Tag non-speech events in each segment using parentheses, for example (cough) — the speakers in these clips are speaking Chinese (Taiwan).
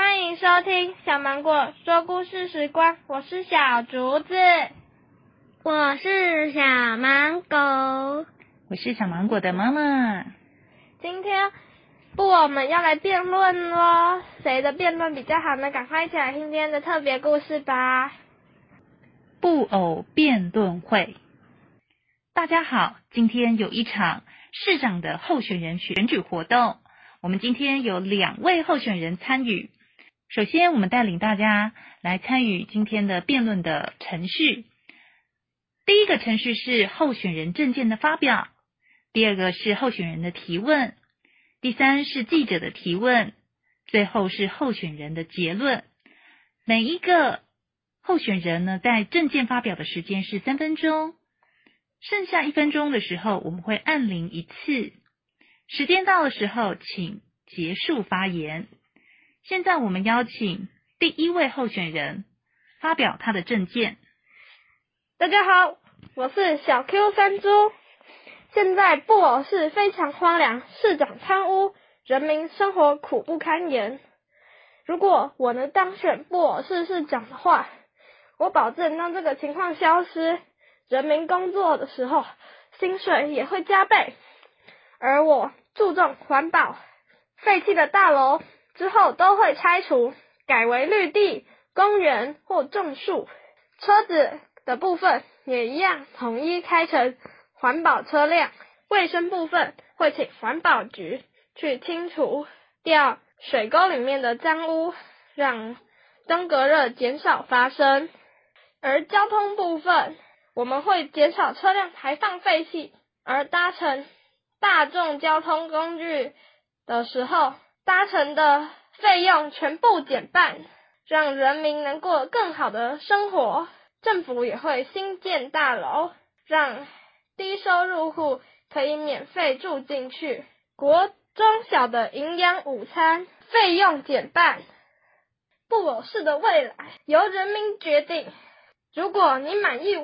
歡迎收聽《小芒果說故事時光》，我是小竹子，我是小芒果，我是小芒果的媽媽。今天布偶們要來辯論咯，誰的辯論比較好呢？趕快一起來聽今天的特別故事吧！布偶辯論會。大家好，今天有一場市長的候選人選舉活動，我們今天有兩位候選人參與。首先，我們帶領大家來參與今天的辯論的程序。第一個程序是候選人政見的發表，第二個是候選人的提問，第三是記者的提問，最後是候選人的結論。每一個候選人呢，在政見發表的時間是三分鐘，剩下一分鐘的時候，我們會按鈴一次。時間到的時候，請結束發言。現在我們邀請第一位候選人發表他的政見。大家好，我是小 Q 山豬。現在布偶市非常荒涼，市長貪污，人民生活苦不堪言。如果我能當選布偶市市長的話，我保證讓這個情況消失。人民工作的時候，薪水也會加倍。而我注重環保，廢棄的大樓。之後都會拆除，改為綠地、公園或種樹。車子的部分也一樣，統一開成環保車輛。衛生部分會請環保局去清除掉水溝裡面的髒污，讓登革熱減少發生。而交通部分，我們會減少車輛排放廢氣，而搭乘大眾交通工具的時候。搭乘的費用全部減半，讓人民能過更好的生活。政府也會新建大樓，讓低收入戶可以免費住進去。國中小的營養午餐費用減半。布偶市的未來由人民決定。如果你滿意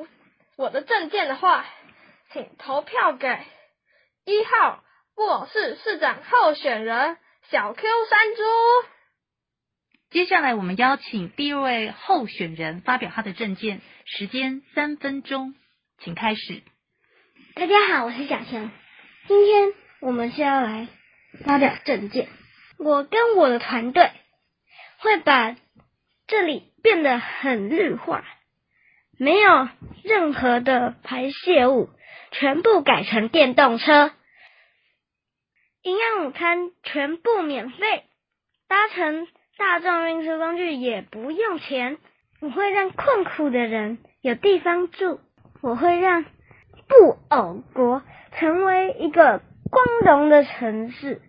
我的政見的話，請投票給一號布偶市市長候選人。小 Q 山豬。接下來我們邀請第一位候選人發表他的政見，時間三分鐘，請開始。大家好，我是小強，今天我們先要來發表政見。我跟我的團隊會把這裡變得很綠化，沒有任何的排泄物，全部改成電動車。營養午餐全部免費，搭乘大眾運輸工具也不用錢。我會讓困苦的人有地方住，我會讓布偶國成為一個光榮的城市，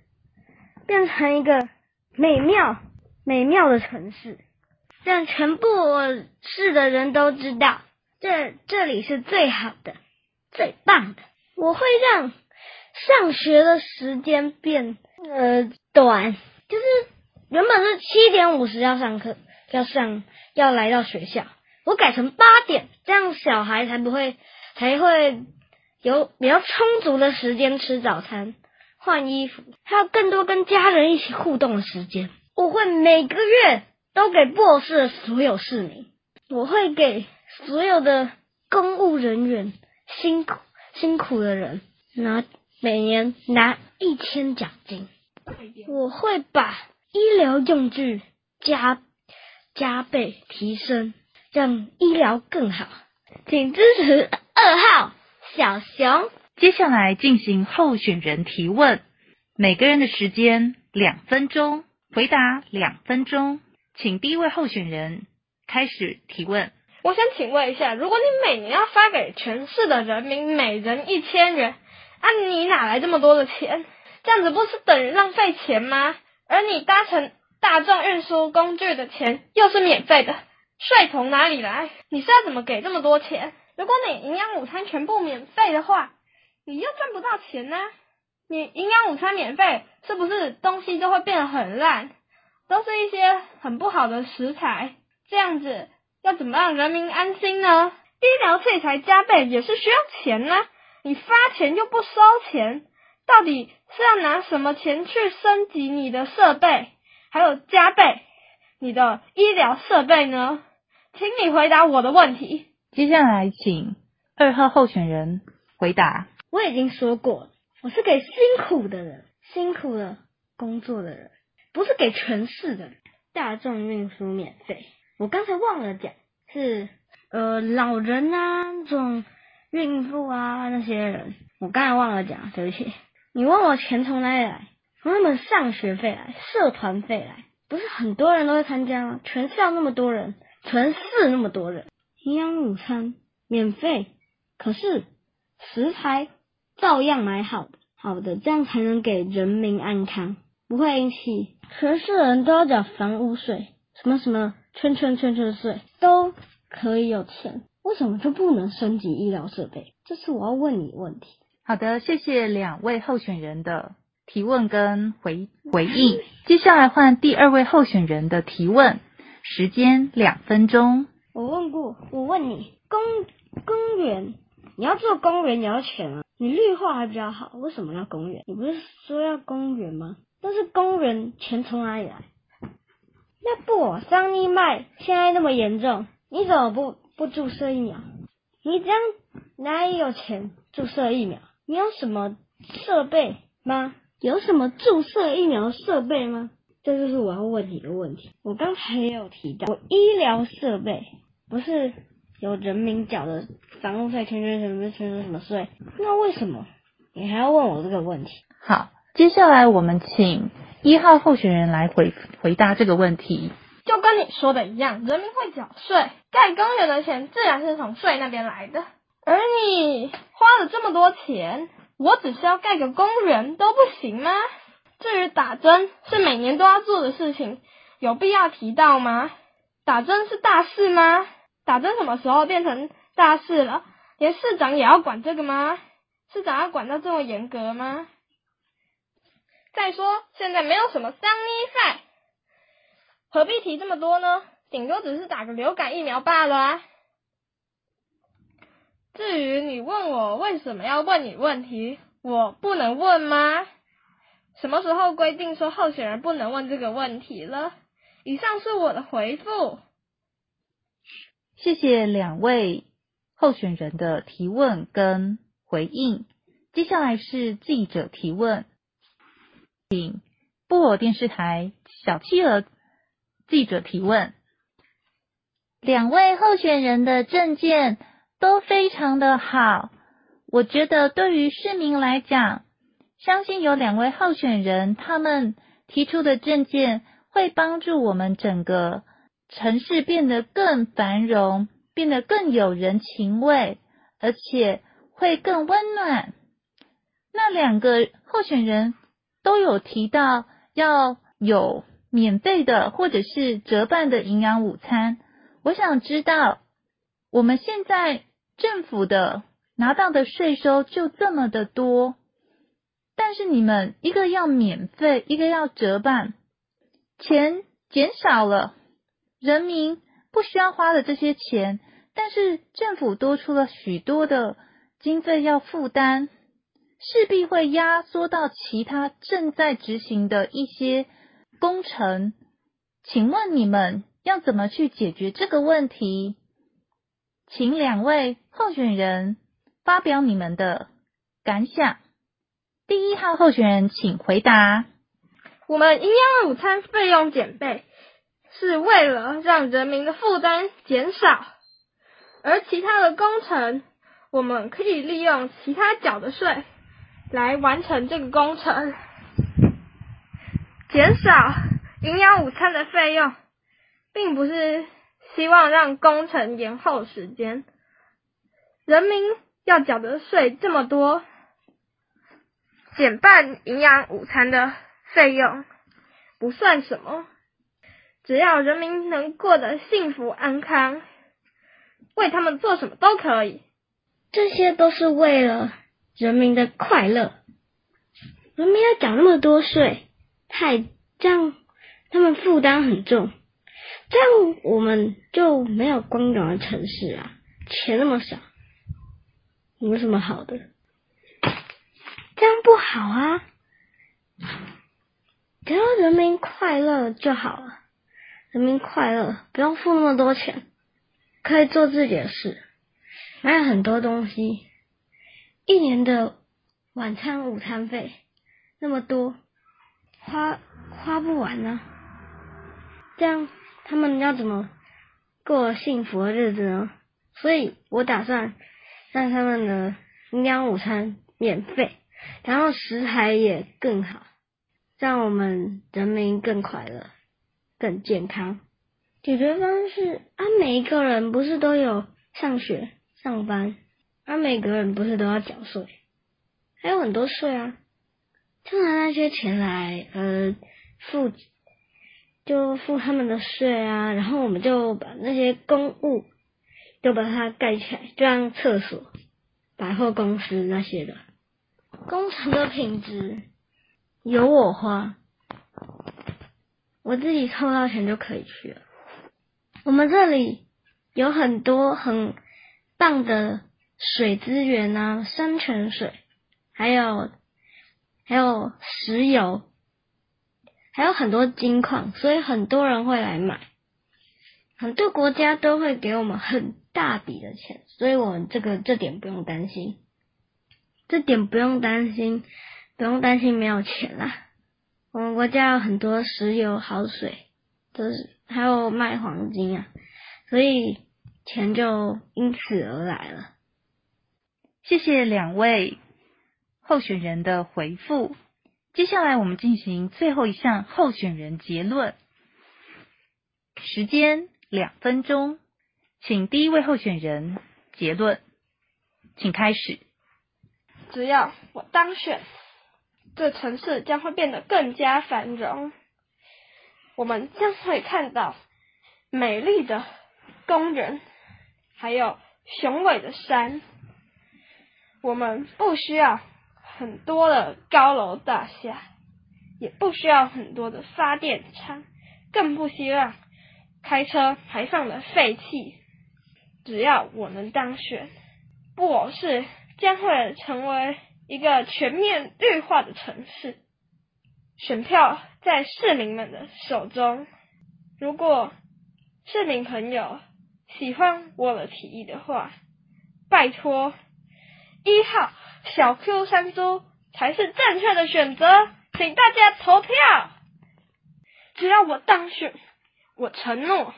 變成一個美妙美妙的城市，讓全部我市的人都知道，這這裡是最好的、最棒的。我會讓。上學的時間變呃短，就是原本是七點五十要上課，要上要來到學校，我改成八點，這樣小孩才不會才會有比較充足的時間吃早餐、換衣服，還有更多跟家人一起互動的時間。我會每個月都給布偶市的所有市民，我會給所有的公務人員辛苦辛苦的人拿，每年拿一千獎金，我會把醫療用具加加倍提升，讓醫療更好。請支持二號小熊。接下來進行候選人提問，每個人的時間兩分鐘，回答兩分鐘。請第一位候選人開始提問。我想請問一下，如果你每年要發給全市的人民每、每人一千元，那、啊、你哪來這麼多的錢？這樣子不是等於浪費錢嗎？而你搭乘大眾運輸工具的錢又是免費的，稅從哪裡來？你是要怎麼給這麼多錢？如果你營養午餐全部免費的話，你又賺不到錢呢、啊、你營養午餐免費，是不是東西就會變得很爛，都是一些很不好的食材？這樣子要怎麼讓人民安心呢？醫療器材加倍也是需要錢吶、啊。你發錢又不收錢，到底是要拿什麼錢去升級你的設備，還有加倍你的醫療設備呢？請你回答我的問題。接下來請二號候選人回答。我已經說過，我是給辛苦的人、辛苦的工作的人，不是給全市的人大眾運輸免費。我剛才忘了講，是呃老人啊那種。孕婦啊，那些人，我剛才忘了講，對不起。你問我錢從哪裡來？從他們上學費來，社團費來，不是很多人都會參加嗎、啊？全校那麼多人，全市那麼多人，營養午餐免費，可是食材照樣買好的，好的，這樣才能給人民安康，不會引起全市人都要繳房屋稅，什麼什麼圈圈圈圈稅，都可以有錢。為什麼就不能升級醫療設備？這是我要問你問題。好的，謝謝兩位候選人的提問跟回回應。 (laughs) 接下來換第二位候選人的提問，時間兩分鐘。我問過，我問你公公園，你要做公園，你要錢啊？你綠化還比較好，為什麼要公園？你不是說要公園嗎？但是公園錢從哪裡來？那不桑尼麥現在那麼嚴重，你怎麼不？不注射疫苗，你這樣哪裡有錢注射疫苗？你有什麼設備嗎？有什麼注射疫苗設備嗎？這就是我要問你的問題。我剛才也有提到，我醫療設備不是有人民繳的房屋稅、全聚全聚全聚什麼稅、全什麼稅？那為什麼你還要問我這個問題？好，接下來我們請一號候選人來回回答這個問題。都跟你說的一樣，人民會繳稅，蓋公園的錢自然是從稅那邊來的。而你花了這麼多錢，我只需要蓋個公園都不行嗎？至於打針，是每年都要做的事情，有必要提到嗎？打針是大事嗎？打針什麼時候變成大事了？連市長也要管這個嗎？市長要管到這麼嚴格嗎？再說，現在沒有什麼商業害。何必提這麼多呢？頂多只是打個流感疫苗罷了啊！至於你問我為什麼要問你問題，我不能問嗎？什麼時候規定說候選人不能問這個問題了？以上是我的回復。謝謝兩位候選人的提問跟回應。接下來是記者提問，請布偶電視台小企鵝。記者提問：兩位候選人的政見都非常的好，我覺得對於市民來講，相信有兩位候選人，他們提出的政見會幫助我們整個城市變得更繁榮，變得更有人情味，而且會更溫暖。那兩個候選人都有提到要有。免費的或者是折半的營養午餐，我想知道，我們現在政府的拿到的稅收就這麼的多，但是你們一個要免費，一個要折半，錢減少了，人民不需要花的這些錢，但是政府多出了許多的經費要負擔，勢必會壓縮到其他正在執行的一些。工程，請問你們要怎麼去解決這個問題？請兩位候選人發表你們的感想。第一號候選人，請回答。我們營養午餐費用減半，是為了讓人民的負擔減少。而其他的工程，我們可以利用其他繳的稅來完成這個工程。減少營養午餐的費用，並不是希望讓工程延後時間。人民要繳的稅這麼多，減半營養午餐的費用不算什麼。只要人民能過得幸福安康，為他們做什麼都可以。這些都是為了人民的快樂。人民要繳那麼多稅。太這樣，他們負擔很重，這樣我們就沒有光榮的城市啊！錢那麼少，有什麼好的？這樣不好啊！只要人民快樂就好了，人民快樂不用付那麼多錢，可以做自己的事，有很多東西，一年的晚餐、午餐費那麼多。花花不完呢，啊，這樣他們要怎麼過幸福的日子呢？所以我打算讓他們的營養午餐免費，然後食材也更好，讓我們人民更快樂、更健康。解決方式啊，每一個人不是都有上學、上班，啊，每個人不是都要繳稅，還有很多稅啊。就拿那些錢來呃付，就付他們的稅啊。然後我們就把那些公物就把它蓋起來，就像廁所、百貨公司那些的工程的品質由我花，我自己湊到錢就可以去了。我們這裡有很多很棒的水資源啊，山泉水還有。還有石油，還有很多金礦，所以很多人會來買，很多國家都會給我們很大筆的錢，所以我們這個這點不用擔心，這點不用擔心，不用擔心沒有錢啦、啊。我們國家有很多石油、好水，都是還有賣黃金啊，所以錢就因此而來了。謝謝兩位。候選人的回復。接下來，我們進行最後一項候選人結論。時間兩分鐘，請第一位候選人結論，請開始。只要我當選，這城市將會變得更加繁榮。我們將會看到美麗的公園，還有雄偉的山。我們不需要。很多的高樓大廈，也不需要很多的發電廠，更不希望開車排放的廢氣。只要我能當選，布偶市將會成為一個全面綠化的城市。選票在市民們的手中。如果市民朋友喜歡我的提議的話，拜托一號。小 Q 山豬才是正確的選擇，請大家投票。只要我當選，我承諾，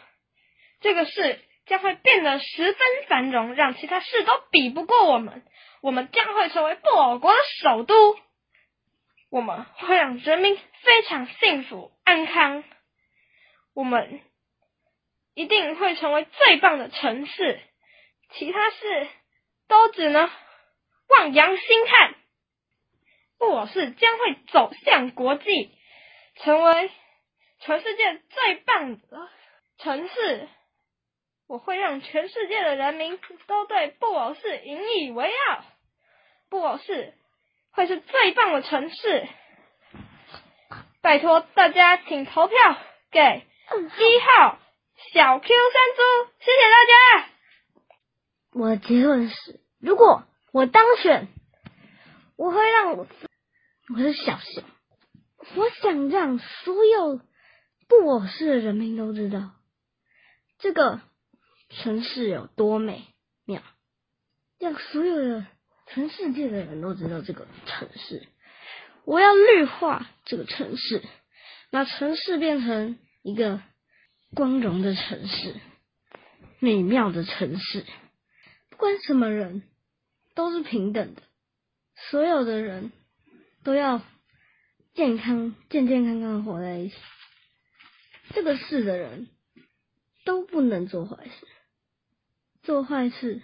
這個市將會變得十分繁榮，讓其他市都比不過我們。我們將會成為布偶國的首都，我們會讓人民非常幸福安康。我們一定會成為最棒的城市，其他市都只能，望洋興嘆，布偶市將會走向國際，成為全世界最棒的城市。我會讓全世界的人民都對布偶市引以為傲。布偶市會是最棒的城市。拜託大家，請投票給一號小 Q 山豬，謝謝大家。我的結論是，如果。我當選，我會讓我我是小熊，我想讓所有布偶市的人民都知道這個城市有多美妙，讓所有的全世界的人都知道這個城市。我要綠化這個城市，把城市變成一個光榮的城市、美妙的城市，不管什麼人。都是平等的，所有的人都要健康、健健康康的活在一起。這個世的人，都不能做壞事，做壞事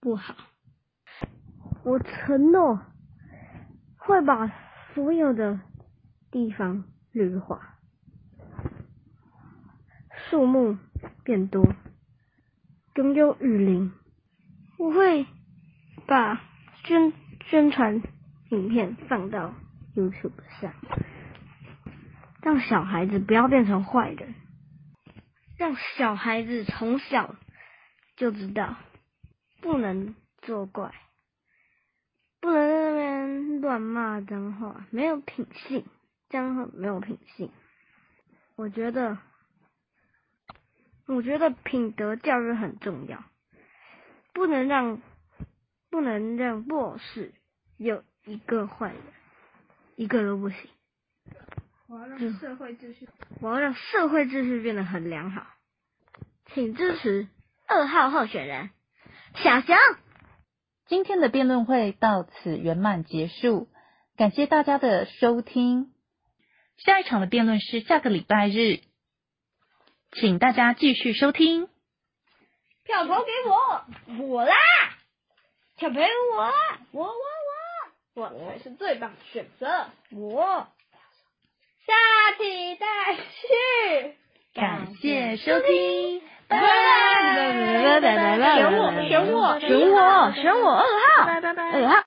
不好。我承諾會把所有的地方綠化，樹木變多，擁有雨林。我會。把宣宣傳影片放到 YouTube 上，讓小孩子不要變成壞人，讓小孩子從小就知道不能作怪，不能在那邊亂罵髒話，沒有品性，這樣很沒有品性。我覺得，我覺得品德教育很重要，不能讓。不能讓我市有一個壞人，一個都不行。我要讓社會秩序，我要讓社會秩序變得很良好。請支持二號候選人小熊。今天的辯論會到此圓滿結束，感謝大家的收聽。下一場的辯論是下個禮拜日，請大家繼續收聽。票投給我，我啦。請陪我，我我我，我才是最棒的選擇。我，下期再續，感謝收聽，拜拜拜拜拜拜拜拜，選我選我選我選我二號，拜拜拜拜，二號。